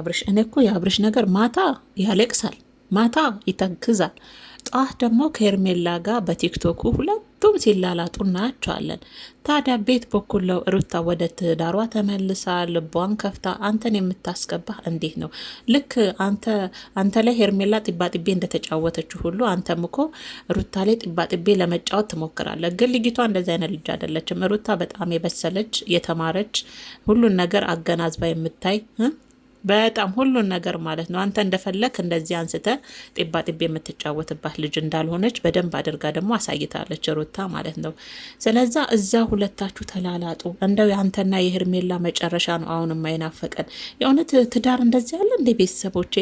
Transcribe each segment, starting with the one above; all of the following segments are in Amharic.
አብርሽ እኔ እኮ የአብርሽ ነገር ማታ ያለቅሳል፣ ማታ ይተክዛል፣ ጧት ደግሞ ከኤርሜላ ጋር በቲክቶኩ ሁለቱም ሲላላጡ እናያቸዋለን። ታዲያ ቤት በኩል ሩታ ወደ ትዳሯ ተመልሳ ልቧን ከፍታ አንተን የምታስገባህ እንዴት ነው? ልክ አንተ ላይ ሄርሜላ ጥባጥቤ እንደተጫወተችው ሁሉ አንተም እኮ ሩታ ላይ ጥባጥቤ ለመጫወት ትሞክራለህ። ግን ልጅቷ እንደዚህ አይነት ልጅ አይደለችም። ሩታ በጣም የበሰለች የተማረች ሁሉን ነገር አገናዝባ የምታይ በጣም ሁሉን ነገር ማለት ነው። አንተ እንደፈለክ እንደዚህ አንስተ ጤባ ጤቤ የምትጫወትባት ልጅ እንዳልሆነች በደንብ አድርጋ ደግሞ አሳይታለች ሩታ ማለት ነው። ስለዛ እዛ ሁለታችሁ ተላላጡ። እንደው የአንተና የሄርሜላ መጨረሻ ነው አሁን የማይናፈቀን። የእውነት ትዳር እንደዚህ ያለ እንደ ቤተሰቦቼ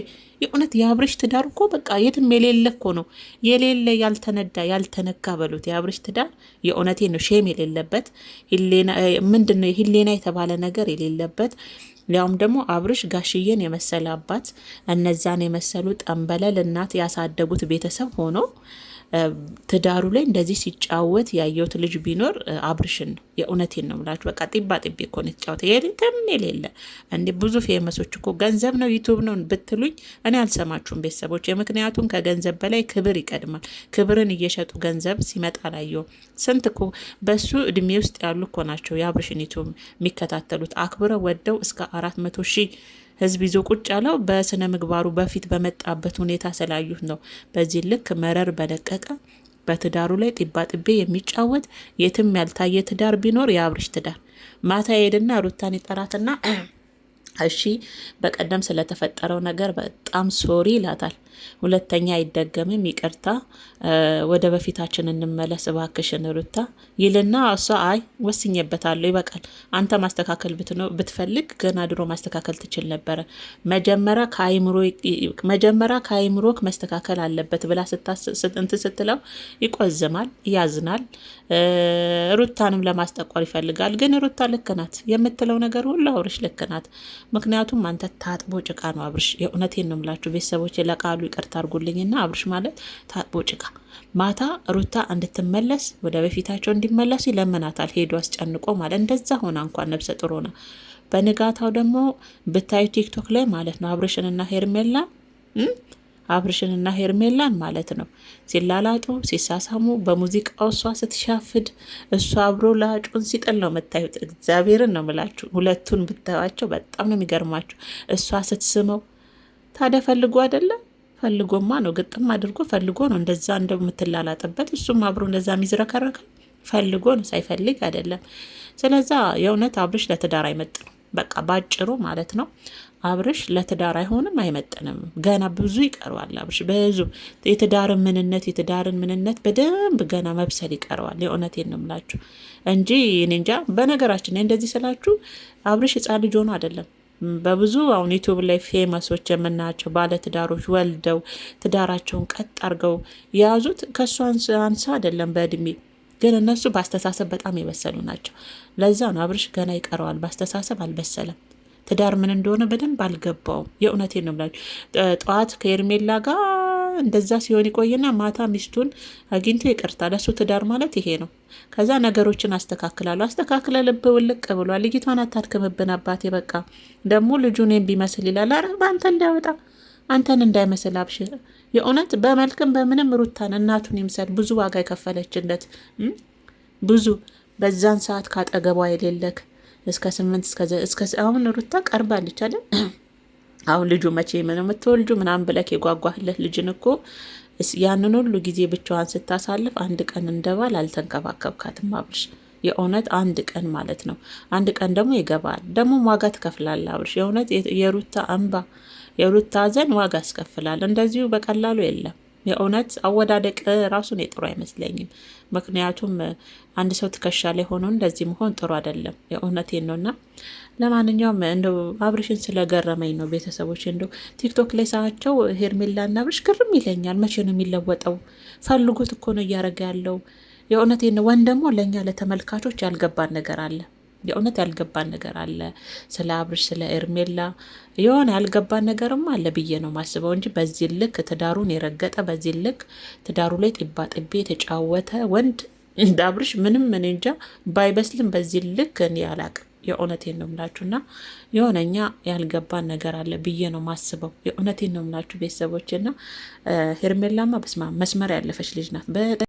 የእውነት የአብርሽ ትዳር እኮ በቃ የትም የሌለ እኮ ነው። የሌለ ያልተነዳ ያልተነካ በሉት የአብርሽ ትዳር የእውነቴ ነው። ሼም የሌለበት ምንድን ነው ሂሌና የተባለ ነገር የሌለበት ሊያውም ደግሞ አብርሽ ጋሽዬን የመሰለ አባት እነዛን የመሰሉ ጠንበለል እናት ያሳደጉት ቤተሰብ ሆኖ ትዳሩ ላይ እንደዚህ ሲጫወት ያየሁት ልጅ ቢኖር አብርሽን ነው። የእውነቴን ነው የምላችሁ። በቃ ጢባ ጢቤ እኮ ነው የተጫወተ። የትም የሌለ እንዲ ብዙ ፌመሶች እኮ ገንዘብ ነው ዩቱብ ነው ብትሉኝ እኔ አልሰማችሁም ቤተሰቦች። ምክንያቱም ከገንዘብ በላይ ክብር ይቀድማል። ክብርን እየሸጡ ገንዘብ ሲመጣ ላየውም ስንት እኮ በሱ እድሜ ውስጥ ያሉ እኮ ናቸው የአብርሽን ዩቱብ የሚከታተሉት አክብረው ወደው እስከ አራት መቶ ሺህ ህዝብ ይዞ ቁጭ ያለው በስነ ምግባሩ በፊት በመጣበት ሁኔታ ስላዩት ነው። በዚህ ልክ መረር በለቀቀ በትዳሩ ላይ ጢባ ጥቤ የሚጫወት የትም ያልታየ ትዳር ቢኖር የአብርሽ ትዳር ማታ ሄድና ሩታን ይጠራትና እሺ በቀደም ስለተፈጠረው ነገር በጣም ሶሪ ይላታል። ሁለተኛ አይደገምም፣ ይቅርታ ወደ በፊታችን እንመለስ እባክሽን ሩታ ይልና እሷ አይ ወስኜበታለሁ፣ ይበቃል። አንተ ማስተካከል ብትፈልግ ገና ድሮ ማስተካከል ትችል ነበረ። መጀመሪያ ከአይምሮክ መስተካከል አለበት ብላ ስንት ስትለው ይቆዝማል፣ ያዝናል። ሩታንም ለማስጠቆር ይፈልጋል። ግን ሩታ ልክ ናት፣ የምትለው ነገር ሁሉ አውርሽ ልክ ናት። ምክንያቱም አንተ ታጥቦ ጭቃ ነው አብርሽ። የእውነቴን ነው የምላችሁ ቤተሰቦች ለቃሉ ይቅርታ አድርጉልኝና አብርሽ ማለት ታጥቦ ጭቃ። ማታ ሩታ እንድትመለስ ወደ በፊታቸው እንዲመለሱ ይለምናታል ሄዶ አስጨንቆ ማለት እንደዛ ሆና እንኳን ነብሰ ጥሩ ነው። በንጋታው ደግሞ ብታዩ ቲክቶክ ላይ ማለት ነው አብርሽንና ሄርሜላ አብርሽንና ሄርሜላን ማለት ነው። ሲላላጡ ሲሳሳሙ፣ በሙዚቃው እሷ ስትሻፍድ እሱ አብሮ ላጩን ሲጥል ነው የምታዩት። እግዚአብሔርን ነው ምላችሁ። ሁለቱን ብታዩቸው በጣም ነው የሚገርማችሁ። እሷ ስትስመው ታዲያ ፈልጎ አይደለም ፈልጎማ ነው ግጥም አድርጎ ፈልጎ ነው እንደዛ እንደምትላላጥበት እሱም አብሮ እንደዛ የሚዝረከረከ ፈልጎ ነው ሳይፈልግ አይደለም። ስለዛ የእውነት አብርሽ ለትዳር ነው በቃ ባጭሩ ማለት ነው አብርሽ ለትዳር አይሆንም፣ አይመጥንም። ገና ብዙ ይቀረዋል። አብርሽ ብዙ የትዳርን ምንነት የትዳርን ምንነት በደንብ ገና መብሰል ይቀረዋል። የእውነት የንምላችሁ እንጂ እኔ እንጃ። በነገራችን እንደዚህ ስላችሁ አብርሽ ህፃን ልጅ ሆኖ አይደለም በብዙ አሁን ዩቱብ ላይ ፌመሶች የምናያቸው ባለትዳሮች ወልደው ትዳራቸውን ቀጥ አድርገው የያዙት ከእሱ አንሳ አይደለም በእድሜ ግን እነሱ በአስተሳሰብ በጣም የበሰሉ ናቸው። ለዛ ነው አብርሽ ገና ይቀረዋል። በአስተሳሰብ አልበሰለም። ትዳር ምን እንደሆነ በደንብ አልገባውም። የእውነቴ ነው ብላችሁ ጠዋት ከኤርሜላ ጋር እንደዛ ሲሆን ይቆይና ማታ ሚስቱን አግኝቶ ይቅርታ ለሱ ትዳር ማለት ይሄ ነው። ከዛ ነገሮችን አስተካክላሉ። አስተካክለ ልብ ውልቅ ብሏል። ልጅቷን አታድክምብን አባቴ። በቃ ደግሞ ልጁ እኔን ቢመስል ይላል። አረ በአንተ እንዳያወጣ አንተን እንዳይመስል አብሽር። የእውነት በመልክም በምንም ሩታን እናቱን ይምሰል። ብዙ ዋጋ የከፈለችለት ብዙ በዛን ሰዓት ካጠገቧ የሌለክ እስከ ስምንት እስከ አሁን ሩታ ቀርባለች አይደል? አሁን ልጁ መቼ ምን የምትወልጁ ምናምን ብለክ የጓጓህለት ልጅን እኮ ያንን ሁሉ ጊዜ ብቻዋን ስታሳልፍ አንድ ቀን እንደባል አልተንከባከብካትም አብርሽ። የእውነት አንድ ቀን ማለት ነው። አንድ ቀን ደግሞ ይገባል። ደግሞ ዋጋ ትከፍላለህ አብርሽ። የእውነት የሩታ እንባ የሩታ ዘን ዋጋ ያስከፍላል። እንደዚሁ በቀላሉ የለም። የእውነት አወዳደቅ ራሱን የጥሩ አይመስለኝም። ምክንያቱም አንድ ሰው ትከሻ ላይ ሆኖ እንደዚህ መሆን ጥሩ አይደለም። የእውነቴን ነው። እና ለማንኛውም እንደ አብርሽን ስለገረመኝ ነው ቤተሰቦች፣ እንደ ቲክቶክ ላይ ሳቸው ሄርሜላና አብርሽ ግርም ይለኛል። መቼ ነው የሚለወጠው? ፈልጎት እኮ ነው እያደረገ ያለው። የእውነቴን ነው። ወይም ደግሞ ለእኛ ለተመልካቾች ያልገባን ነገር አለ የእውነት ያልገባን ነገር አለ። ስለ አብርሽ፣ ስለ ኤርሜላ የሆነ ያልገባን ነገርም አለ ብዬ ነው ማስበው እንጂ በዚህ ልክ ትዳሩን የረገጠ በዚህ ልክ ትዳሩ ላይ ጢባ ጥቤ የተጫወተ ወንድ እንደ አብርሽ ምንም ምን እንጃ ባይበስልም በዚህ ልክ እኔ አላቅም። የእውነቴን ነው የምላችሁ እና የሆነ እኛ ያልገባን ነገር አለ ብዬ ነው ማስበው። የእውነቴን ነው የምላችሁ ቤተሰቦች እና ሄርሜላማ በስማ መስመር ያለፈች ልጅ ናት።